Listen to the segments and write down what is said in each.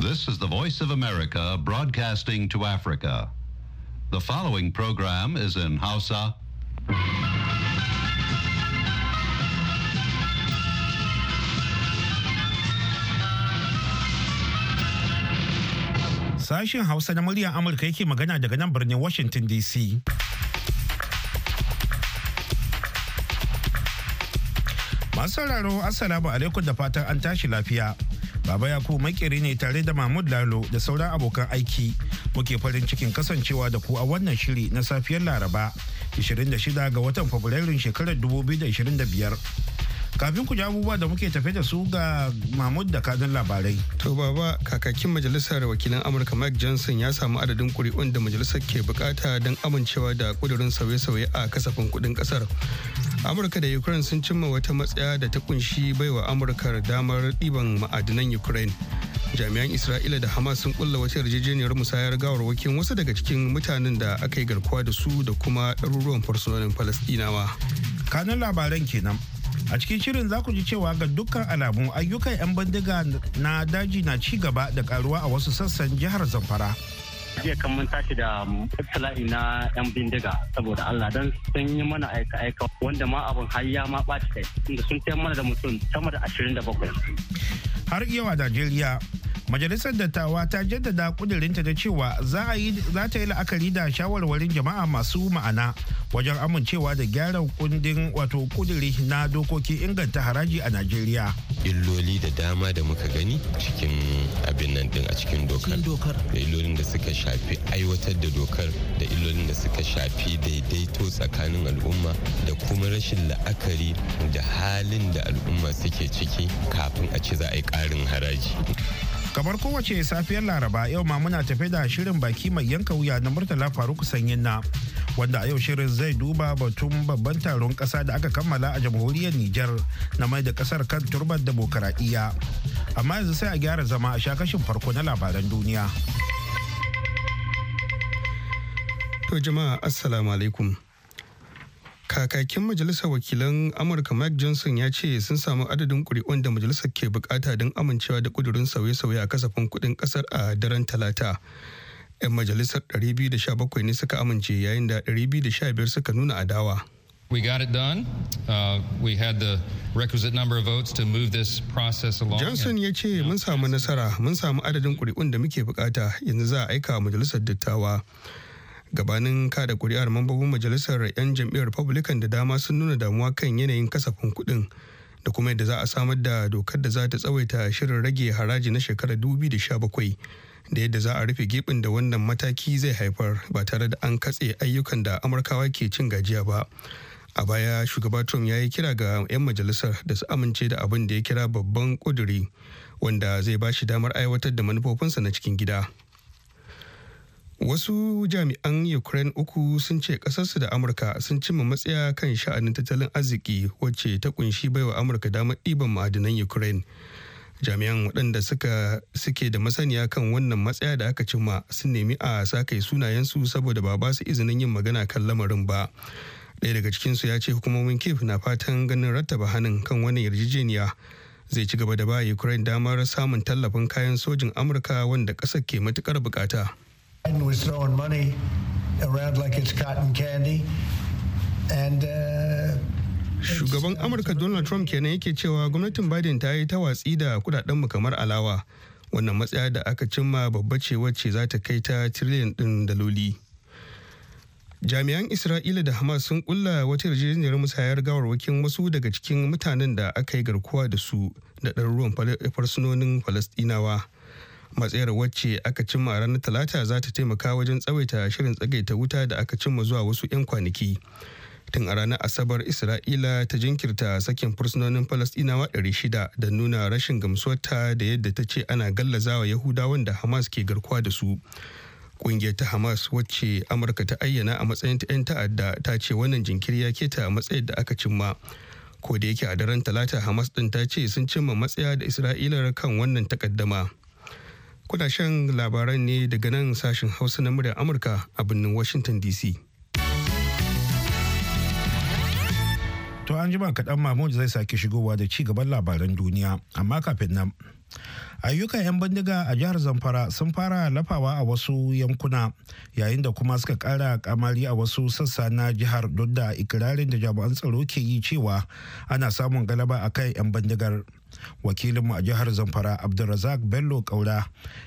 This is the Voice of America broadcasting to Africa. The following program is in Hausa. Sashen Hausa na muryar Amurka yake magana daga nan birnin Washington DC. Masu sauraro, Assalamu alaikum da fatan an tashi lafiya. Baba ya Yakubu makeri ne tare da Mahmud Lalo da sauran abokan aiki muke farin cikin kasancewa da ku a wannan shiri na safiyar Laraba 26 ga watan Fabrairun shekarar 2025. Kafin ku ji abubuwa da muke tafe da su ga Mahmud da kadin labarai. To baba kakakin majalisar wakilan Amurka Mike Johnson ya samu adadin kuri'un da majalisar ke bukata don amincewa da kudurin sauye-sauye a kasafin kudin kasar. amurka da ukraine sun cimma wata matsaya da ta kunshi baiwa amurka damar ɗiban ma'adinan ukraine jami'an isra'ila da hamas sun kulla wata yarjejeniyar musayar gawarwakin wasu daga cikin mutanen da aka yi garkuwa da su da kuma ɗaruruwan fursunonin Falasɗinawa. kanun labaran kenan a cikin shirin za ku ji cewa ga dukkan alamu ayyukan 'yan bindiga na daji na ci gaba da karuwa a wasu sassan jihar zamfara jiya kan mun tashi da iftila'i na yan bindiga saboda Allah don sun yi mana aika-aika wanda ma abin hayya ma ɓaci kai inda sun tayar mana da mutum sama da ashirin da bakwai. Har iya wa Najeriya majalisar dattawa ta jaddada kudirinta da cewa za ta yi la'akari da shawarwarin jama'a masu ma'ana wajen amincewa da gyaran kundin wato kudiri na dokoki inganta haraji a najeriya illoli da dama da muka gani cikin abin nan din a cikin dokar da illolin da suka shafi aiwatar da dokar da illolin da suka shafi daidaito tsakanin al'umma da kuma rashin la'akari da halin da al'umma suke ciki kafin a ci za a yi ƙarin haraji kamar kowace safiyar laraba yau ma muna tafe da shirin baki mai yanka wuya na murtala faruk sanyin na wanda a yau shirin zai duba batun babban taron kasa da aka kammala a jamhuriyar niger na mai da kasar kan turbar demokaradiyya amma yanzu sai a gyara zama a sha kashin farko na labaran duniya to jama'a assalamu alaikum kakakin majalisar wakilan amurka mike johnson ya ce sun samu adadin kuri'un da majalisar ke bukata don amincewa da kudurin sauye-sauye a kasafin kudin kasar a daren talata 'yan majalisar 217 ne suka amince yayin da 215 suka nuna adawa We got it done. Uh, we had the requisite number of votes to move this process along. Johnson ya ce mun samu nasara, mun samu adadin kuri'un da muke bukata yanzu za a aika majalisar dattawa. gabanin kada kuri'ar mambobin majalisar 'yan jam'iyyar republican da dama sun nuna damuwa kan yanayin kasafin kuɗin da kuma yadda za a samar da dokar da za ta tsawaita shirin rage haraji na shekarar 2017 da yadda za a rufe gibin da wannan mataki zai haifar ba tare da an katse ayyukan da amurkawa ke cin gajiya ba a baya shugaba trump ya yi kira ga 'yan majalisar da su amince da abin da ya kira babban ƙuduri wanda zai ba shi damar aiwatar da manufofinsa na cikin gida. Wasu jami'an Ukraine uku sun ce ƙasarsu da Amurka sun cimma matsaya kan sha'anin tattalin arziki wacce ta kunshi baiwa Amurka damar ɗiban ma'adinan Ukraine. Jami'an waɗanda suka suke da masaniya kan wannan matsaya da aka cimma sun nemi a sake sunayensu saboda ba ba su izinin yin magana kan lamarin ba. Ɗaya daga cikinsu ya ce hukumomin Kiev na fatan ganin rattaba hannun kan wani yarjejeniya zai ci gaba da ba Ukraine damar samun tallafin kayan sojin Amurka wanda ƙasar ke matuƙar buƙata. Biden was throwing money around like it's cotton candy. And uh, Shugaban Amurka Donald Trump kenan yake cewa gwamnatin Biden ta yi ta watsi da kudadenmu kamar alawa. Wannan matsaya da aka cimma babba ce wacce za ta kai ta tiriliyan ɗin daloli. Jami'an Isra'ila da Hamas sun kulla wata yarjejeniyar musayar gawarwakin wasu daga cikin mutanen da aka yi garkuwa da su da ɗaruruwan farsunonin Falasɗinawa. matsayar wacce aka cimma ranar talata za ta taimaka wajen tsawaita shirin tsagaita wuta da aka cimma zuwa wasu 'yan kwanaki tun a ranar asabar isra'ila ta jinkirta sakin fursunonin falastinawa 600 da nuna rashin gamsuwarta da yadda ta ce ana gallazawa yahudawan da hamas ke garkuwa da su Ƙungiyar ta hamas wacce amurka ta ayyana a matsayin ta 'yan ta'adda ta ce wannan jinkiri ya keta matsayar da aka cimma ko da yake a daren talata hamas din ta ce sun cimma matsaya da Isra'ilar kan wannan takaddama kuna shan labaran ne daga nan sashen hausa na muryar amurka a birnin washington dc to an jima kaɗan mahmud zai sake shigowa da ci gaban labaran duniya amma kafin nan ayyukan 'yan bindiga a jihar zamfara sun fara lafawa a wasu yankuna yayin da kuma suka ƙara kamari a wasu sassa na jihar duk da ikirarin da jami'an tsaro ke yi cewa ana samun galaba a kan 'yan bindigar wakilinmu a jihar zamfara abdulrazak bello kaura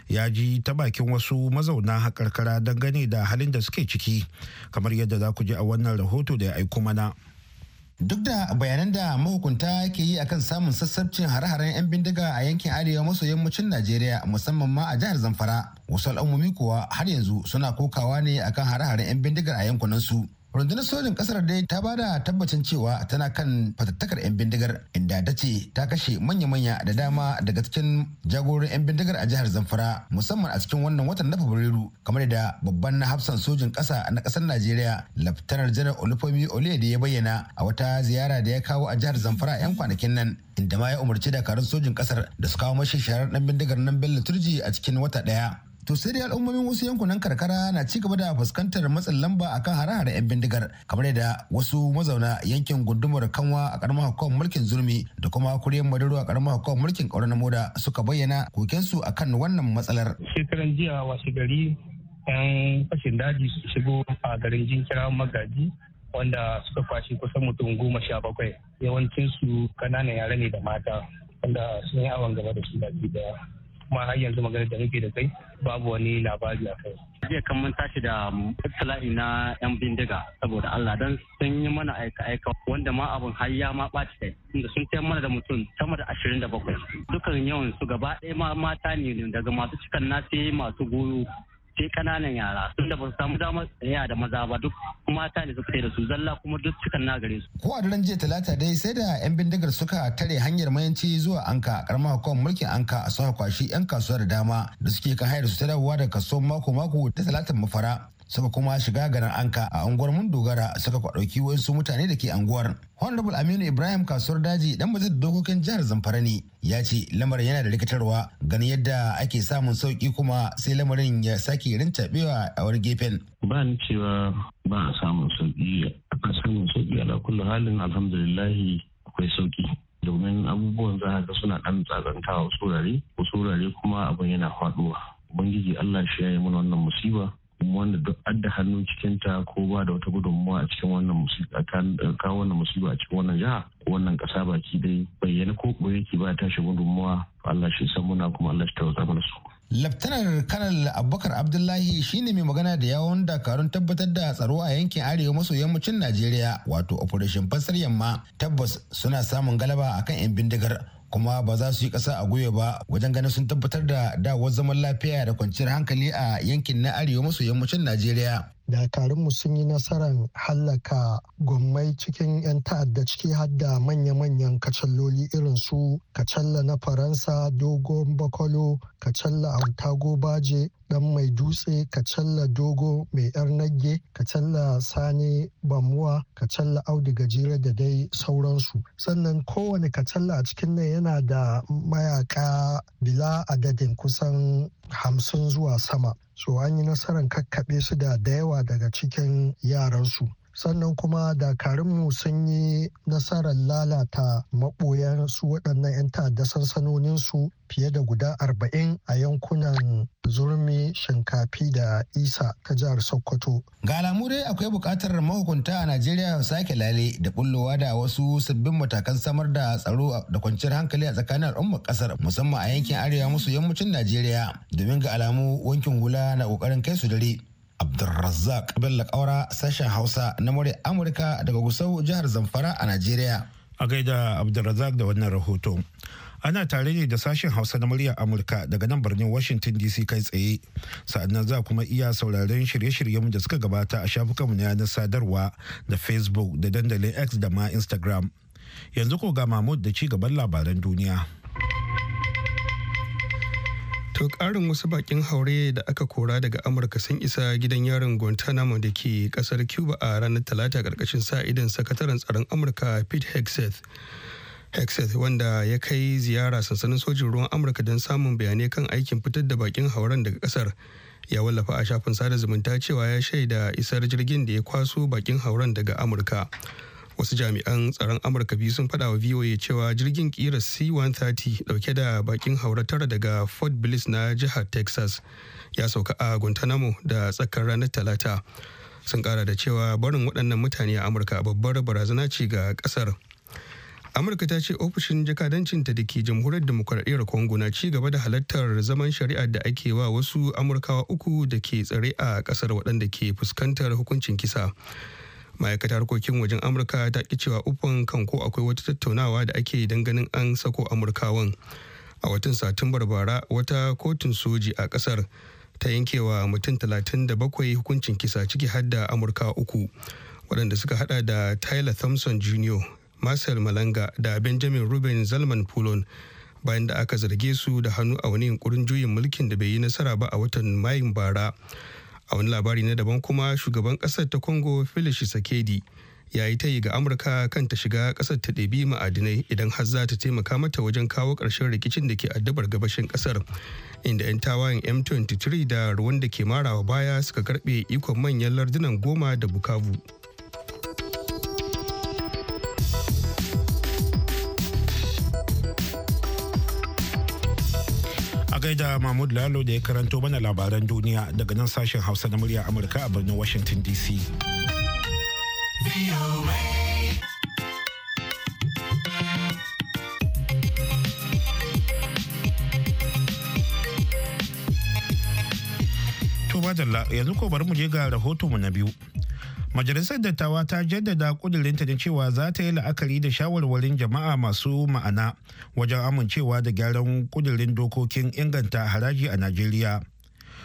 ya ji ta bakin wasu mazauna karkara dangane da halin da suke ciki kamar yadda za ku ji a wannan rahoto da ya aiko mana duk da bayanan da mahukunta ke yi akan samun sassabcin hare-haren 'yan bindiga a yankin arewa maso yammacin najeriya musamman ma a jihar zamfara wasu al'ummomi kuwa har yanzu suna kokawa ne akan hare-haren 'yan bindigar a yankunansu rundunar sojin kasar dai ta bada tabbacin cewa tana kan fatattakar 'yan bindigar inda ta ce ta kashe manya-manya da dama daga cikin jagorin 'yan bindigar a jihar zamfara musamman a cikin wannan watan na fabrairu kamar da babban na hafsan sojin kasa na kasar najeriya laftanar janar Oliya da ya bayyana a wata ziyara da ya kawo a jihar zamfara 'yan kwanakin nan inda ma ya umarci dakarun sojin kasar da su kawo mashi sharar dan bindigar nan bello turji a cikin wata daya To sai dai al'ummomin wasu yankunan karkara na ci gaba da fuskantar matsin lamba akan hare-hare 'yan bindigar kamar da wasu mazauna yankin gundumar kanwa a karamar hukumar mulkin zulmi da kuma kuriyar madaro a karamar hukumar mulkin ƙaura na moda suka bayyana kokensu kan wannan matsalar. Shekaran jiya wasu gari 'yan fashin daji su shigo a garin jinkira magaji wanda suka kwashi kusan mutum goma sha bakwai yawancinsu kananan yare ne da mata wanda sun yi awon gaba da su daji daya kuma har yanzu magana da muke da kai babu wani labari a kai. Jiya kan mun tashi da iftila'i na 'yan bindiga saboda Allah don sun yi mana aika-aika wanda ma abin har ya ma ɓaci kai inda sun kai mana da mutum sama da ashirin da bakwai. Dukan yawan su gaba ɗaya ma mata ne daga masu cikan nasi masu goyo sai kananan yara tun da ba su samu damar tsaya da maza ba duk mata ne suka da su zalla kuma duk suka na gare su. Ko a daren jiya talata dai sai da 'yan bindigar suka tare hanyar mayanci zuwa anka karamar hukumar mulkin anka a suka kwashi 'yan kasuwar dama da suke kan hayar su ta dawowa da kaso mako mako ta talatin mafara suka kuma shiga garin anka a unguwar mun dogara suka kwadauki wasu mutane da ke unguwar. honorable aminu ibrahim kasuwar daji dan da dokokin jihar zamfara ne ya ce lamarin yana da rikitarwa ganin yadda ake samun sauki kuma sai lamarin ya sake rincabewa a wani gefen ba ni cewa ba a samun sauki a samun sauki ala kullu halin alhamdulillahi akwai sauki domin abubuwan za ga suna ɗan tsazantawa wasu wurare wasu wurare kuma abin yana faɗuwa ubangiji allah shi ya yi mana wannan musiba wanda duk adda hannu cikin ta ko ba da wata gudunmuwa a cikin wannan kawo wannan musiba a cikin wannan jiha ko wannan kasa baki dai bayyana ko ɓoye ki ba tashi gudunmuwa Allah shi san muna kuma Allah shi tawaza mana su. Laftanar Kanal Abubakar Abdullahi shine mai magana da yawon dakarun tabbatar da tsaro a yankin arewa maso yammacin Najeriya wato Operation Fasar Yamma tabbas suna samun galaba akan 'yan bindigar kuma ba za su yi ƙasa a gwiwa ba wajen ganin sun tabbatar da dawar zaman lafiya da kwanciyar hankali a yankin na arewa maso yammacin najeriya dakarun mu sun yi nasarar hallaka gwammai cikin 'yan ta'adda ciki har da manya-manyan kacalloli irin su kacalla na faransa dogon bakwalo kacalla a tagobaje baje dan mai dutse ka challa dogo mai yar nagge ka kacalla sani bamuwa ka challa audu gajere da dai sauransu sannan kowane ka kacalla a cikin nan yana da mayaka bila adadin kusan hamsin zuwa sama so an yi nasarar kakkaɓe su da da yawa daga cikin yaransu sannan kuma dakarunmu sun yi nasarar lalata maboyan su waɗannan 'yan ta'adda sansanoninsu fiye da guda 40 a yankunan zurmi shinkafi da isa ta jihar sokoto ga alamu dai akwai buƙatar mahukunta a najeriya sake lale da bullowa da wasu sabbin matakan samar da tsaro da kwanciyar hankali a tsakanin al'ummar kasar musamman a yankin arewa musu yammacin najeriya domin ga alamu wankin hula na ƙoƙarin kai su dare Abdulrazzaq Bello Kaura sashen Hausa na murya Amurka daga Gusau jihar Zamfara a Najeriya. A gaida Abdulrazzaq da wannan rahoto. Ana tare ne da sashen Hausa na murya Amurka daga nan birnin Washington DC kai tsaye. Sa'annan za kuma iya sauraron shirye-shiryenmu da suka gabata a shafukanmu na yanar sadarwa da Facebook da dandalin X da ma Instagram. Yanzu ko ga Mahmud da ci gaban labaran duniya. To ƙarin wasu bakin haure da aka kora daga Amurka sun isa gidan yarin Guantanamo da ke ƙasar Cuba a ranar Talata ƙarƙashin sa idan sakataren tsaron Amurka Pete Hegseth. Hegseth wanda ya kai ziyara sansanin sojin ruwan Amurka don samun bayanai kan aikin fitar da bakin hauren daga ƙasar. Ya wallafa a shafin sada zumunta cewa ya shaida isar jirgin da ya kwaso bakin hauren daga Amurka. wasu jami'an tsaron amurka biyu sun faɗawa wa voa cewa jirgin kira c-130 dauke da bakin haura tara daga fort bliss na jihar texas ya sauka a guantanamo da tsakar ranar talata sun kara da cewa barin waɗannan mutane a amurka babbar barazana ce ga ƙasar amurka ta ce ofishin jakadancinta da ke jamhuriyar demokuraɗiyyar congo na ci gaba da halartar zaman shari'ar da ake wa wasu amurkawa uku da ke tsare a ƙasar waɗanda ke fuskantar hukuncin kisa ma'aikatar harkokin wajen amurka ta ki cewa ufan kan ko akwai wata tattaunawa da ake don ganin an sako amurkawan a watan satumbar bara wata kotun soji a kasar ta yankewa mutum 37 hukuncin kisa ciki hadda amurka uku waɗanda suka hada da tyler thompson jr marcel malanga da benjamin ruben zalman pulon bayan da aka zarge su da hannu a wani yunkurin juyin mulkin da bai yi nasara ba a watan mayun bara a wani labari na daban kuma shugaban kasar ta congo felix sakedi ya yi tayi ga amurka kan ta shiga kasar ta ɗabi ma'adinai idan har za ta taimaka mata wajen kawo ƙarshen rikicin da ke addabar gabashin kasar inda 'yan tawayen m23 da ruwan da ke marawa baya suka karɓe ikon manyan lardunan goma da bukavu gaida Mahmud Lalo da ya karanto mana labaran duniya daga nan sashen Hausa na murya Amurka a birnin Washington DC. Tuba Dalla yanzu ko bari mu je ga mu na biyu. Majalisar Dattawa ta jaddada kudurinta da cewa za ta yi la'akari da shawarwarin jama'a masu ma'ana wajen amincewa da gyaran kudurin dokokin inganta haraji a Najeriya.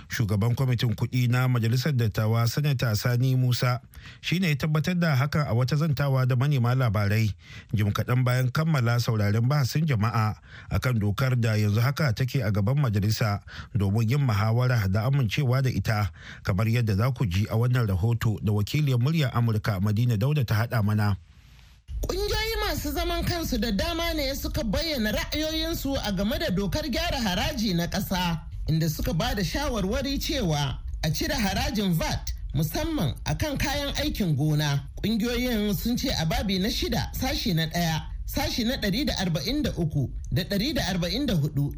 shugaban kwamitin kuɗi na majalisar dattawa sanata sani musa shine ya tabbatar da hakan a wata zantawa da manema labarai jim kaɗan bayan kammala sauraren bahasin jama'a akan dokar da yanzu haka take a gaban majalisa domin yin muhawara da amincewa da ita kamar yadda za ku ji a wannan rahoto da wakiliyar murya amurka madina dauda ta haɗa mana Ƙungiyoyi masu zaman kansu da dama ne suka bayyana ra'ayoyinsu a game da dokar gyara haraji na ƙasa. inda suka ba da shawarwari cewa a cire harajin VAT musamman a kan kayan aikin gona. Ƙungiyoyin sun ce a babi na shida sashi na ɗaya sashi na 143 da 144 da 145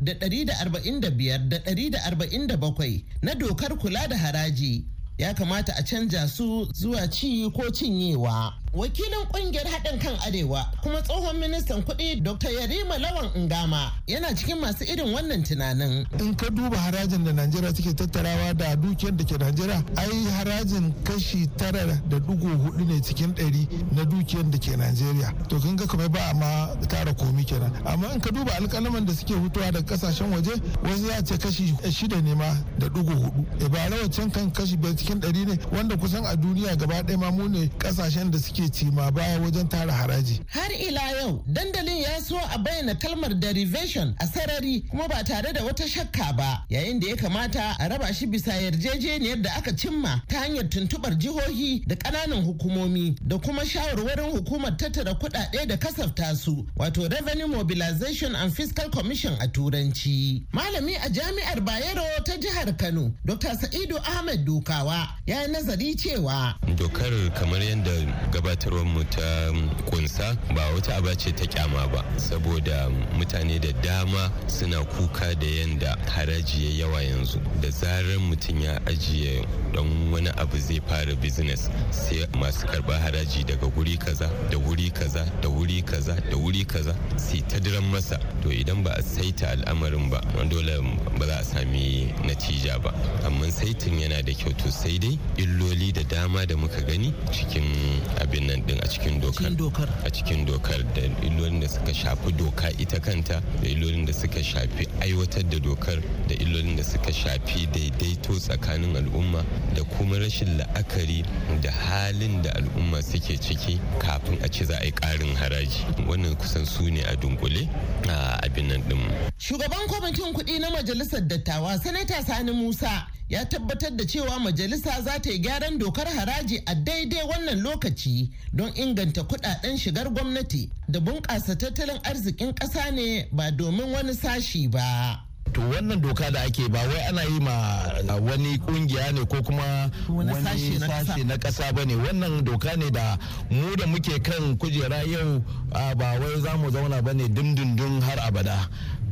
da 147 na dokar kula da haraji ya kamata a canja su zuwa ci ko cinyewa. wakilin kungiyar haɗin kan arewa kuma tsohon ministan kuɗi dr yarima lawan ngama yana cikin masu irin wannan tunanin in ka duba harajin da najeriya suke tattarawa da dukiyar da ke najeriya ai harajin kashi tara da dugu hudu ne cikin ɗari na dukiyar da ke najeriya to kin ga kamar ba ma tara komi kenan amma in ka duba alƙalaman da suke hutuwa da kasashen waje wasu ya ce kashi shida ne ma da dugu hudu ibara eh, wancan kan kashi biyar cikin ɗari ne wanda kusan a duniya gaba ɗaya ma mu ne kasashen da suke ake ci ma baya wajen tara haraji. Har ila yau dandalin ya so a bayyana kalmar derivation a sarari kuma ba tare da wata shakka ba yayin da ya kamata a raba shi bisa yarjejeniyar da aka cimma ta hanyar tuntubar jihohi da ƙananan hukumomi da kuma shawarwarin hukumar tattara kuɗaɗe da kasafta su wato revenue mobilization and fiscal commission a turanci. Malami a jami'ar Bayero ta jihar Kano Dr. Sa'idu Ahmed Dukawa ya nazari cewa. Dokar kamar yadda gaba gabatarwar mu ta kunsa um, ba wata aba ce ta kyama ba saboda um, mutane da dama suna kuka da yanda haraji ya yawa yanzu da zarar mutum ya ajiye don wani abu zai fara business sai masu karɓar haraji daga wuri kaza da wuri kaza da wuri kaza da wuri kaza sai ta diran masa to idan ba a saita al'amarin ba dole um, ba za a sami natija ba amma saitin yana da kyau to sai dai illoli da dama da muka gani cikin abin irin nan din a cikin dokar a cikin dokar da ilolin da suka shafi doka ita kanta da ilolin da suka shafi aiwatar da dokar da ilolin da suka shafi daidaito tsakanin al'umma da kuma rashin la'akari da halin da al'umma suke ciki kafin a ci za a yi karin haraji wannan kusan su ne a dunkule a abin nan din shugaban kwamitin kuɗi na majalisar dattawa sanata sani musa ya tabbatar da cewa majalisa za ta yi gyaran dokar haraji a daidai wannan lokaci don inganta kudaden shigar gwamnati da bunƙasa tattalin arzikin ƙasa ne ba domin wani sashi ba. to wannan doka da ake ba wai ana yi ma wani kungiya ne ko kuma wani sashi na kasa ba ne wannan doka ne da mu da muke kan kujera yau ba wai za mu zauna ba ne dindindin har abada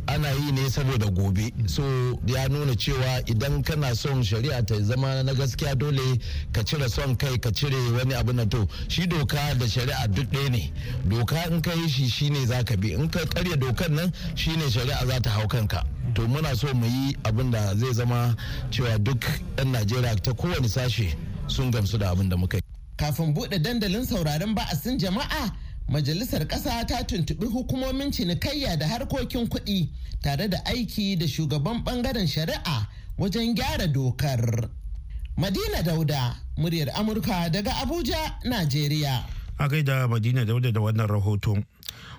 ana yi ne saboda gobe so ya nuna cewa idan kana son shari'a ta zama na gaskiya dole ka cire son kai ka cire wani abu na to shi doka da shari'a duk ɗaya ne doka in ka yi shi shine za ka bi in ka karya dokan nan shine shari'a za ta hau kanka to muna so mu yi abin da zai zama cewa duk 'yan najeriya ta kowane sashe sun gamsu da abin da muka yi kafin buɗe dandalin sauraron ba'asin jama'a majalisar ƙasa ta tuntuɓi hukumomin cinikayya da harkokin kuɗi tare da aiki da shugaban ɓangaren shari'a wajen gyara dokar. Madina Dauda, muryar Amurka daga Abuja, Najeriya. A gaida Madina Dauda da wannan rahoto.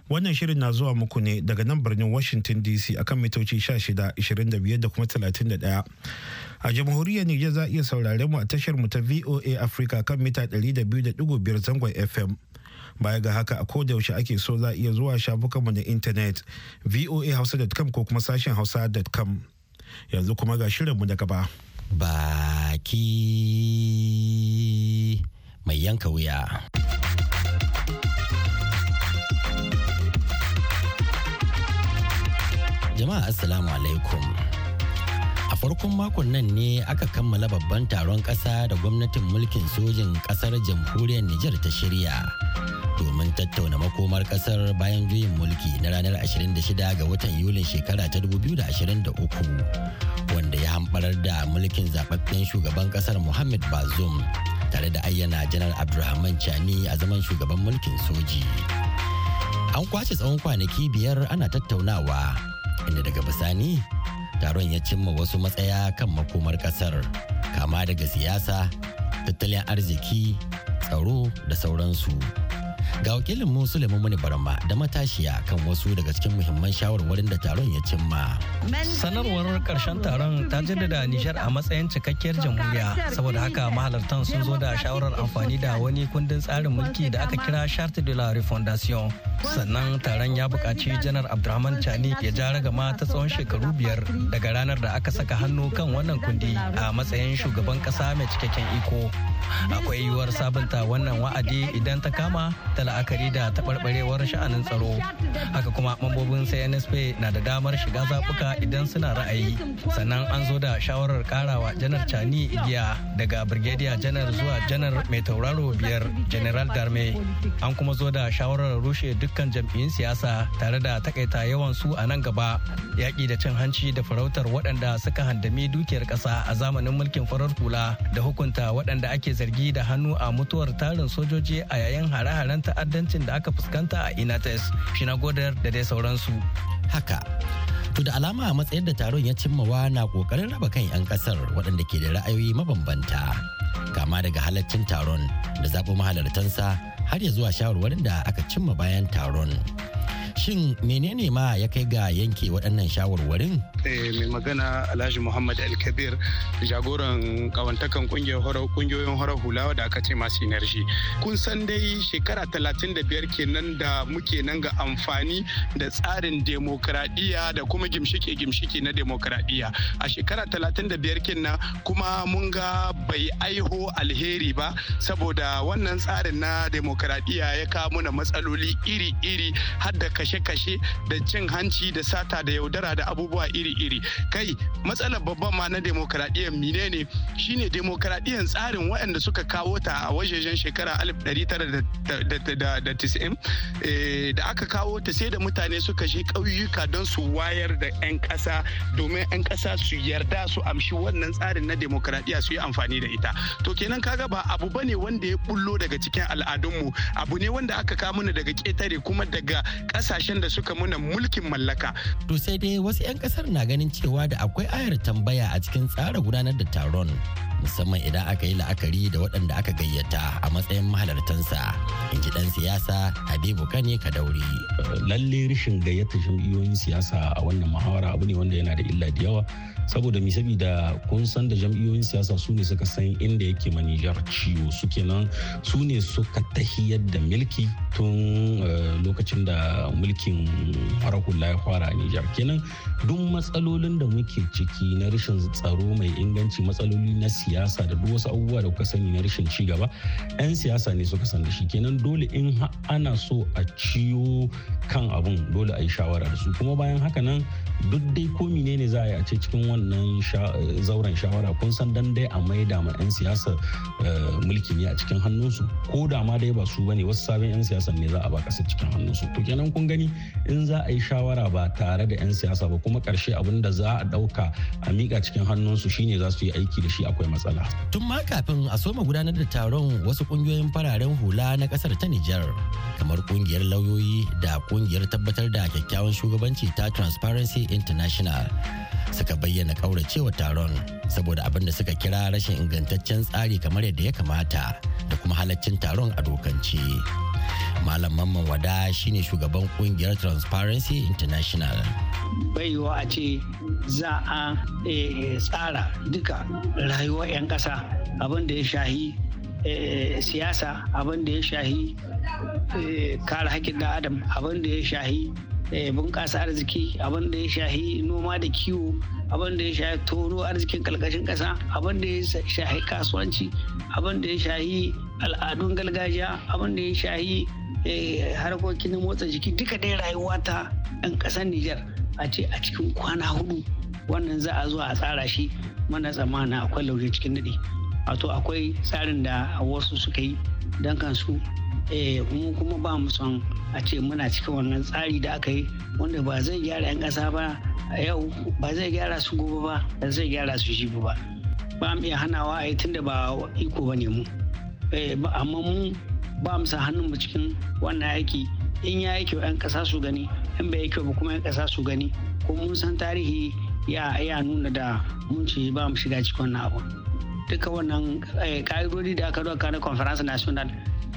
Wannan shirin na zuwa muku ne daga nan birnin Washington DC akan mitoci 16, da kuma 31. A jamhuriyar Nijar za iya saurare mu a tashar mu ta VOA Africa kan mita 200.5 zangon FM. baya ga haka a kodayaushe ake so za iya zuwa shafukanmu na intanet voahausa.com ko kuma sashen hausa.com yanzu kuma ga shirinmu na gaba baki mai yanka wuya jama'a assalamu alaikum farkon makon nan ne aka kammala babban taron ƙasa da gwamnatin mulkin sojin ƙasar jamhuriyar Nijar ta shirya domin tattauna makomar ƙasar bayan juyin mulki na ranar 26 ga watan Yulin shekara ta 2023 wanda ya hamɓarar da mulkin zaɓaɓɓen shugaban ƙasar Muhammad Bazoum tare da ayyana janar Abdulrahman Chani a zaman shugaban mulkin soji. An kwace tsawon kwanaki biyar ana tattaunawa inda daga bisani taron ya cimma wasu matsaya kan makomar kasar kama daga siyasa tattalin arziki tsaro da sauransu Ga wakilin mu Suleiman Barma da matashiya kan wasu daga cikin muhimman shawarwarin da taron ya cimma. Sanarwar karshen taron ta jaddada Nijar a matsayin cikakkiyar jamhuriya saboda haka mahalartan sun zo da shawarar amfani da wani kundin tsarin mulki da aka kira Charte de la Refondation. Sannan taron ya buƙaci Janar Abdurrahman Chani ya ja ragama ta tsawon shekaru biyar daga ranar da aka saka hannu kan wannan kundi a matsayin shugaban ƙasa mai cikakken iko. akwai yiwuwar sabunta wannan wa'adi idan ta kama ta la'akari da taɓarɓarewar sha'anin tsaro haka kuma mambobin cnsp na da damar shiga zaɓuka idan suna ra'ayi sannan an zo da shawarar karawa janar cani igiya daga brigadier janar zuwa janar mai tauraro biyar general darme an kuma zo da shawarar rushe dukkan jam'iyyun siyasa tare da takaita yawan su a nan gaba yaƙi da cin hanci da farautar waɗanda suka handami dukiyar ƙasa a zamanin mulkin farar hula da hukunta waɗanda ake ke zargi da hannu a mutuwar tarin sojoji a yayin hare-haren ta'addancin da aka fuskanta a inates shinagodar da dai sauransu haka to da alama a matsayin da taron ya cimmawa na kokarin raba kan 'yan kasar waɗanda ke da ra'ayoyi mabambanta kama daga halaccin taron da zaɓi mahalartansa har ya zuwa shawarwarin da aka cimma bayan taron shin menene ma ya kai ga yanke waɗannan shawarwarin eh, mai magana alhaji muhammad alkabir jagoran kawantakan kungiyoyin horar hula da aka ce masu energy kun san dai shekara biyar kenan da muke nan ga amfani da tsarin demokradiyya da kuma gimshike-gimshike na demokradiyya a shekara biyar kenan kuma mun ga bai aiho alheri ba saboda wannan tsarin na demokradiyya ya kawo mana matsaloli iri-iri har da kashe-kashe da cin hanci da sata da yaudara da abubuwa iri-iri kai matsalar babban ma na demokradiyyar mine ne shine demokradiyyar tsarin waɗanda suka kawo ta a wajejen shekara 1990 eh, da aka kawo ta sai da mutane suka je ƙauyuka don su wayar da 'yan ƙasa domin 'yan ƙasa su yarda su amshi wannan tsarin na demokradiyya su yi amfani da ita to kenan kaga ba abu ba ne wanda ya bullo daga cikin al'adunmu abu ne wanda aka kawo mana daga ƙetare kuma daga ƙasa kasashen da suka muna mulkin mallaka. To sai dai wasu 'yan kasar na ganin cewa da akwai ayar tambaya a cikin tsara gudanar da taron. musamman idan aka yi la'akari da waɗanda aka gayyata a matsayin mahalartansa in ji ɗan siyasa habibu kane daure. lalle rashin gayyata jam'iyyoyin siyasa a wannan muhawara abu ne wanda yana da illa da yawa saboda mi saboda kun san da jam'iyyoyin siyasa su ne suka san inda yake manijar ciwo su kenan su ne suka tahiyar da milki tun eh, lokacin da mulkin farar ya fara a Nijar kenan duk matsalolin da muke ciki na rashin tsaro mai inganci matsaloli na siyasa da duk wasu abubuwa da kuka sani na rashin ci gaba 'yan siyasa ne suka san da shi kenan dole in ana so a ciyo kan abun dole a yi shawara da su kuma bayan haka nan duk dai ko ne za a yi a ce cikin wannan zauren shawara kun san dan dai a maida ma 'yan siyasa eh, mulki ne a cikin hannunsu ko da ma dai ba su bane wasu sabon 'yan siyasa ne za a ba kasa cikin hannunsu to kenan kun gani in za a yi shawara ba tare da 'yan siyasa ba kuma karshe abin da za a ɗauka a miƙa cikin hannunsu shine za su yi aiki da shi akwai matsala. Tun ma kafin a soma gudanar da taron wasu ƙungiyoyin fararen hula na kasar ta Nijar kamar ƙungiyar lauyoyi da ƙungiyar tabbatar da kyakkyawan shugabanci ta Transparency International suka bayyana ƙauracewa taron saboda abin da suka kira rashin ingantaccen tsari kamar yadda ya kamata da kuma halaccin taron a dokance. Malam Mamman Wada shine shugaban kungiyar Transparency International. Baiwa a ce za a eh, tsara duka rayuwar 'yan ƙasa abin da ya shahi eh, siyasa abin da ya shahi eh, kare haƙƙin da adam abin da ya shahi bunƙasa arziki abin da ya shahi noma da kiwo abin da ya shahi toro arzikin ƙarƙashin ƙasa abin da ya shahi kasuwanci abin da ya shahi al'adun gargajiya abin da ya shahi Eh, harkokin na motsa jiki duka dai rayuwa ta ɗan ƙasar Nijar a ce a cikin kwana hudu wannan za a zo a tsara shi mana tsammana akwai lauje cikin daɗi wato akwai tsarin da wasu suka yi don kansu eh, mu kuma ba mu son a ce muna cikin wannan tsari da aka yi wanda ba zai gyara 'yan ƙasa ba a yau ba zai gyara su gobe ba ba zai gyara su jibi ba ba mu iya hanawa a yi da ba iko ba ne mu eh, amma mu ba mu sa hannun mu cikin wannan aiki in ya yi kyau 'yan ƙasa su gani in bai yi kyau ba kuma 'yan ƙasa su gani ko mun san tarihi ya nuna da mun ce ba mu shiga cikin wannan abu duka wannan ka'idodi eh, da aka doka na conference national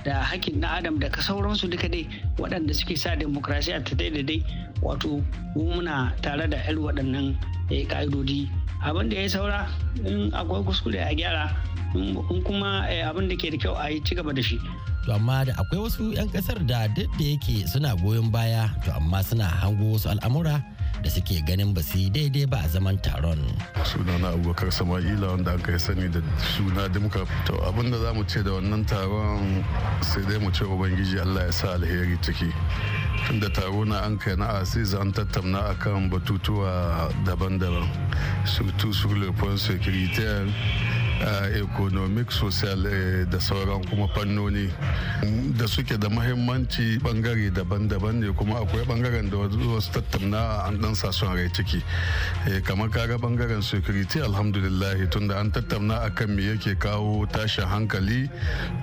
da hakkin na adam da sauransu duka dai waɗanda suke sa demokrasiya ta da dai wato muna tare da 'yan waɗannan ka'idodi eh, abin da ya saura in akwai kuskure a gyara in kuma eh, abin da ke da kyau a yi ci gaba da shi to amma da akwai wasu 'yan kasar da duk da yake suna goyon baya to amma suna hango wasu al'amura da suke ganin ba su daidai ba a zaman taron. suna na abubakar sama'ila wanda an kai sani da suna dimka to abinda za mu ce da wannan taron sai dai mu ce ubangiji allah ya sa alheri ciki tunda taro na an kai na asis an tattauna a kan batutuwa daban-daban surtout sur le point Eh, economic social eh, da sauran kuma fannoni da suke da mahimmanci bangare daban-daban ne kuma akwai bangaren da wasu tattauna an dan son rai ciki eh, kamar kaga bangaren security alhamdulillah tunda an tattauna akan me yake kawo tashin hankali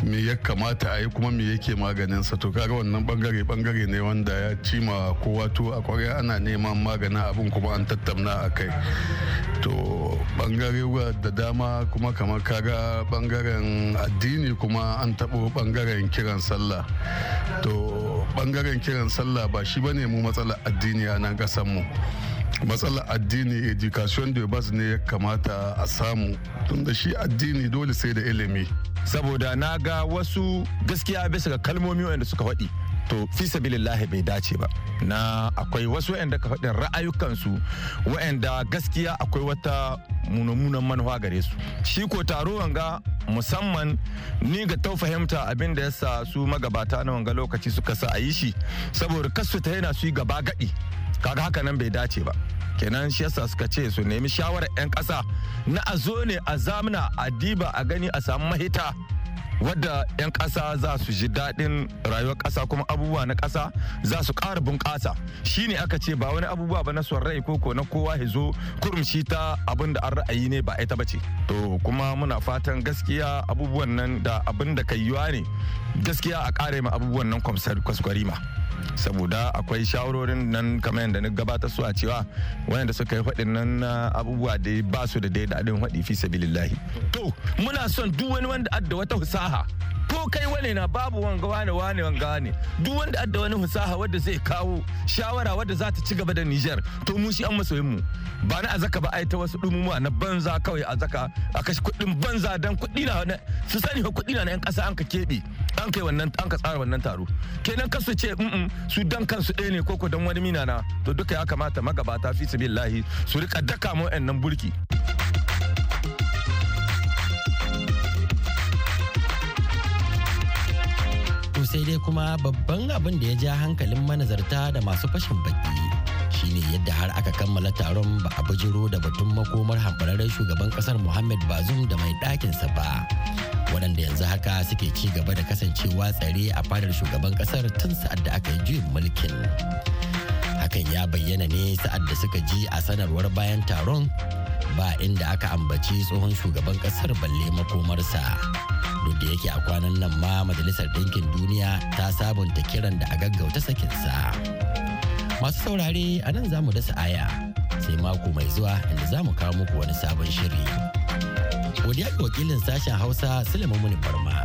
me ya kamata a yi kuma me yake maganin sa to kaga wannan bangare bangare ne wanda ya cima kowa to a kwarya ana neman maganin abin kuma an tattauna a kai to bangare da dama kuma kamar makara kaga bangaren addini kuma an taɓo bangaren kiran sallah to bangaren kiran sallah ba shi bane mu matsalar addini a nan mu matsalar addini education de bas ne ya kamata a samu tunda shi addini dole sai da ilimi saboda na ga wasu gaskiya bisa ga kalmomi wanda suka faɗi to fi sabilillahi bai dace ba na akwai wasu wa'anda ka faɗin ra'ayukansu wa'anda gaskiya akwai wata munamunan manufa gare su shi ko taro wanga musamman ni ga ta fahimta abin da yasa su magabata na wanga lokaci suka sa a yi shi saboda kasu ta yana su gaba gaɗi kaga haka nan bai dace ba kenan shi yasa suka ce su nemi shawarar 'yan ƙasa na a zo ne a zamna a diba a gani a samu mahita wadda 'yan ƙasa za su ji daɗin rayuwar ƙasa kuma abubuwa na ƙasa za su ƙara bunƙasa shi ne aka ce ba wani abubuwa ba na son rai ko na kowa ya zo kurumci ta abin da an ra'ayi ne ba ita ba ce to kuma muna fatan gaskiya abubuwan nan da abin da kai ne gaskiya a ƙare ma abubuwan nan kwaskwari ma saboda akwai shawarorin nan kamar yadda na gabata su a cewa wanda suka yi faɗin nan abubuwa da ba su da da adin faɗi fi sabilillahi to muna son duk wani wanda adda wata husaha ko kai wane na babu wanga wane wane wanga wane duk wanda adda wani husaha wadda zai kawo shawara wadda za ta ci gaba da Niger to mu shi an masoyin mu ba na azaka ba ai ta wasu dumuma na banza kawai azaka a kashi kudin banza dan kudi na su sani ko kudi na yan kasa an ka kebe an kai wannan an ka tsara wannan taro kenan kasu ce su dan kansu ɗaya ne koko dan wani mina na to duka ya kamata magabata fi sabilillahi su rika daka mu nan burki. sai dai kuma babban abin da ya ja hankalin manazarta da masu fashin baki shine yadda har aka kammala taron ba a bujiro da batun makomar hambararren shugaban kasar Muhammad zum da mai ɗakinsa ba. waɗanda yanzu haka suke ci gaba da kasancewa tsare a fadar shugaban ƙasar tun sa'ad da aka yi juyin mulkin hakan ya bayyana ne sa'ad da suka ji a sanarwar bayan taron ba inda aka ambaci tsohon shugaban ƙasar balle makomarsa duk da yake a kwanan nan ma majalisar ɗinkin duniya ta sabunta kiran da a gaggauta sakinsa masu saurare a nan za mu dasa aya sai mako mai zuwa inda za mu kawo muku wani sabon shiri godiya ga wakilin sashen hausa muni barma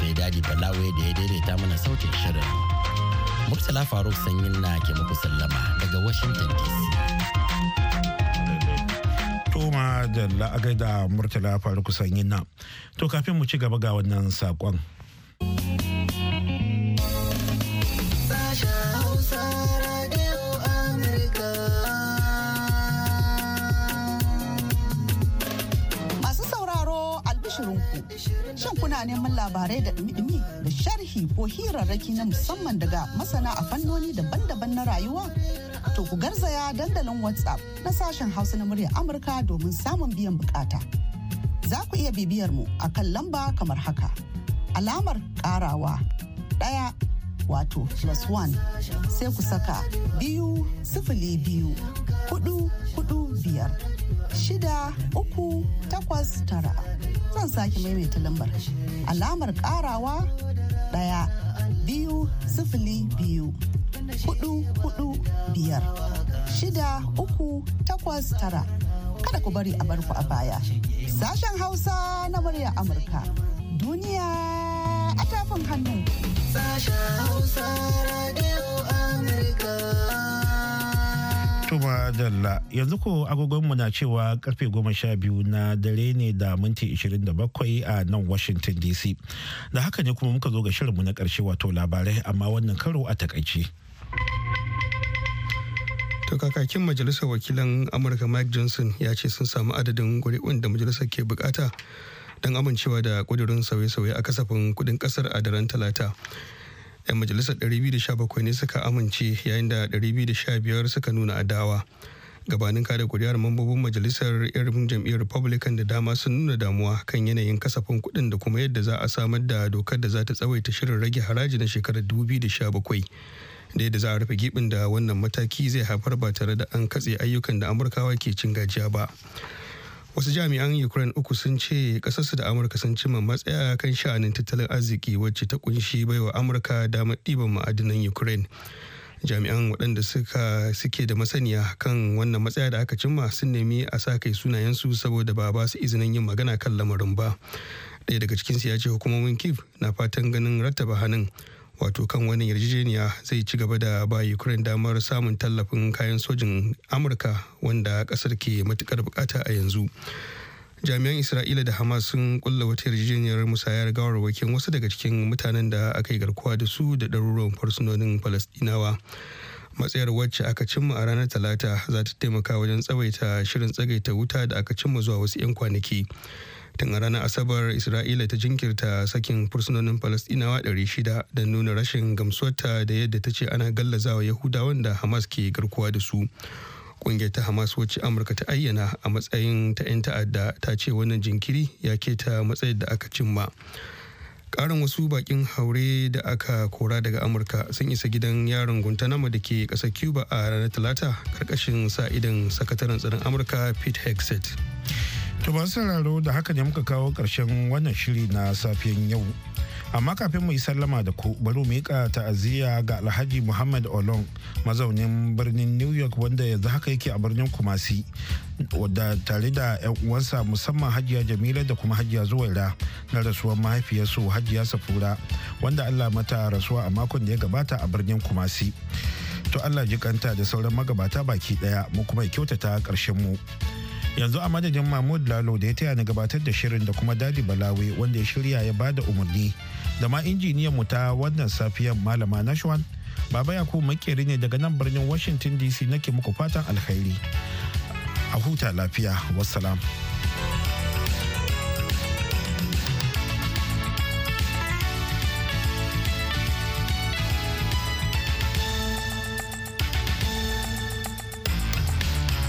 sai dadi balawe da ya daidaita mana sautin shirin murtala faruk sanyin na ke muku sallama daga washington dc ma da la'agai da murtala faru kusan yin nan to kafin mu ci gaba ga wannan saƙon. Shin kuna neman labarai da ɗumi da sharhi ko hirarraki na musamman daga masana a fannoni daban-daban na rayuwa? to ku garzaya dandalin WhatsApp na sashen Hausa na muryar Amurka domin samun biyan bukata. Za ku iya bibiyar mu a kan lamba kamar haka. Alamar karawa ɗaya wato plus one sai ku saka biyu sifili biyu hudu hudu biyar shida uku takwas tara zan sake maimaita lambar alamar karawa ɗaya biyu sifili biyu hudu hudu biyar shida uku takwas tara kada ku bari a barku a baya sashen hausa na murya amurka duniya a tafin hannu sashen kuma Dalla yanzu ko mu na cewa karfe goma na dare ne da minti 27 a nan Washington DC. Da haka ne kuma muka zo ga shirinmu na karshe wato labarai amma wannan karo a takaice. To kakakin majalisar wakilan Amurka Mike Johnson ya ce sun samu adadin kuri'un da majalisar ke bukata don amincewa da kudurin sauye-sauye a kasafin kudin kasar a daren talata. 'yan majalisar 217 ne suka amince yayin da 215 suka nuna adawa gabanin kada kuri'ar mambobin majalisar irin jam'iyyar republican da dama sun nuna damuwa kan yanayin kasafin kuɗin da kuma yadda za a samar da dokar da za ta tsawaita shirin rage haraji na shekarar 2017 da yadda za a rufe gibin da wannan mataki zai haifar ba tare da an katse ayyukan da amurkawa ke cin gajiya ba wasu jami'an ukraine uku sun ce kasarsu da amurka sun cimma matsaya kan sha'anin tattalin arziki wacce ta kunshi baiwa amurka damar ɗiban ma'adinan ukraine jami'an waɗanda suka suke da masaniya kan wannan matsaya da aka cimma sun nemi a sa kai sunayensu saboda ba ba su izinin yin magana kan lamarin ba ɗaya daga cikinsu ya ce hukumomin kif na fatan ganin rattaba hannun wato kan wani yarjejeniya zai ci gaba da ba ukraine damar samun tallafin kayan sojin amurka wanda kasar ke matukar bukata a yanzu jami'an isra'ila da hamas sun kulla wata yarjejeniyar musayar gawarwakin wasu daga cikin mutanen da aka yi garkuwa da su da ɗaruruwan farsunonin falastinawa matsayar wacce aka cimma a ranar talata za ta taimaka wajen tsawaita shirin tsagaita wuta da aka cimma zuwa wasu 'yan kwanaki tun a ranar asabar isra'ila ta jinkirta sakin fursunonin falastinawa 600 don nuna rashin gamsuwarta da yadda ta ce ana gallazawa yahudawan da hamas ke garkuwa da su kungiyar ta hamas wacce amurka ta ayyana a matsayin ta 'yan ta'adda ta ce wannan jinkiri ya keta matsayin da aka cimma karin wasu bakin haure da aka kora daga amurka sun isa gidan yaron guntanama da ke ƙasar cuba a ranar talata karkashin sa idan sakataren tsaron amurka pete hexet To masu sauraro da haka ne muka kawo ƙarshen wannan shiri na safiyan yau. Amma kafin mu yi sallama da ku bari mu ka ta'aziyya ga Alhaji Muhammad Olong mazaunin birnin New York wanda yanzu haka yake a birnin Kumasi wadda tare da 'yan uwansa musamman Hajiya Jamila da kuma Hajiya Zuwaira na rasuwar mahaifiyarsu Hajiya Safura wanda Allah mata rasuwa a makon da ya gabata a birnin Kumasi. To Allah jikanta da sauran magabata baki daya mu kuma ya kyautata karshen mu. yanzu a madadin mahmud lalo da ya taya ni gabatar da shirin da kuma dadi balawe wanda ya shirya ya ba da umarni da ma injiniyan mu ta wannan safiyar malama nashwan baba yaku makeri ne daga nan birnin washington dc nake muku fatan alkhairi a huta lafiya wassalam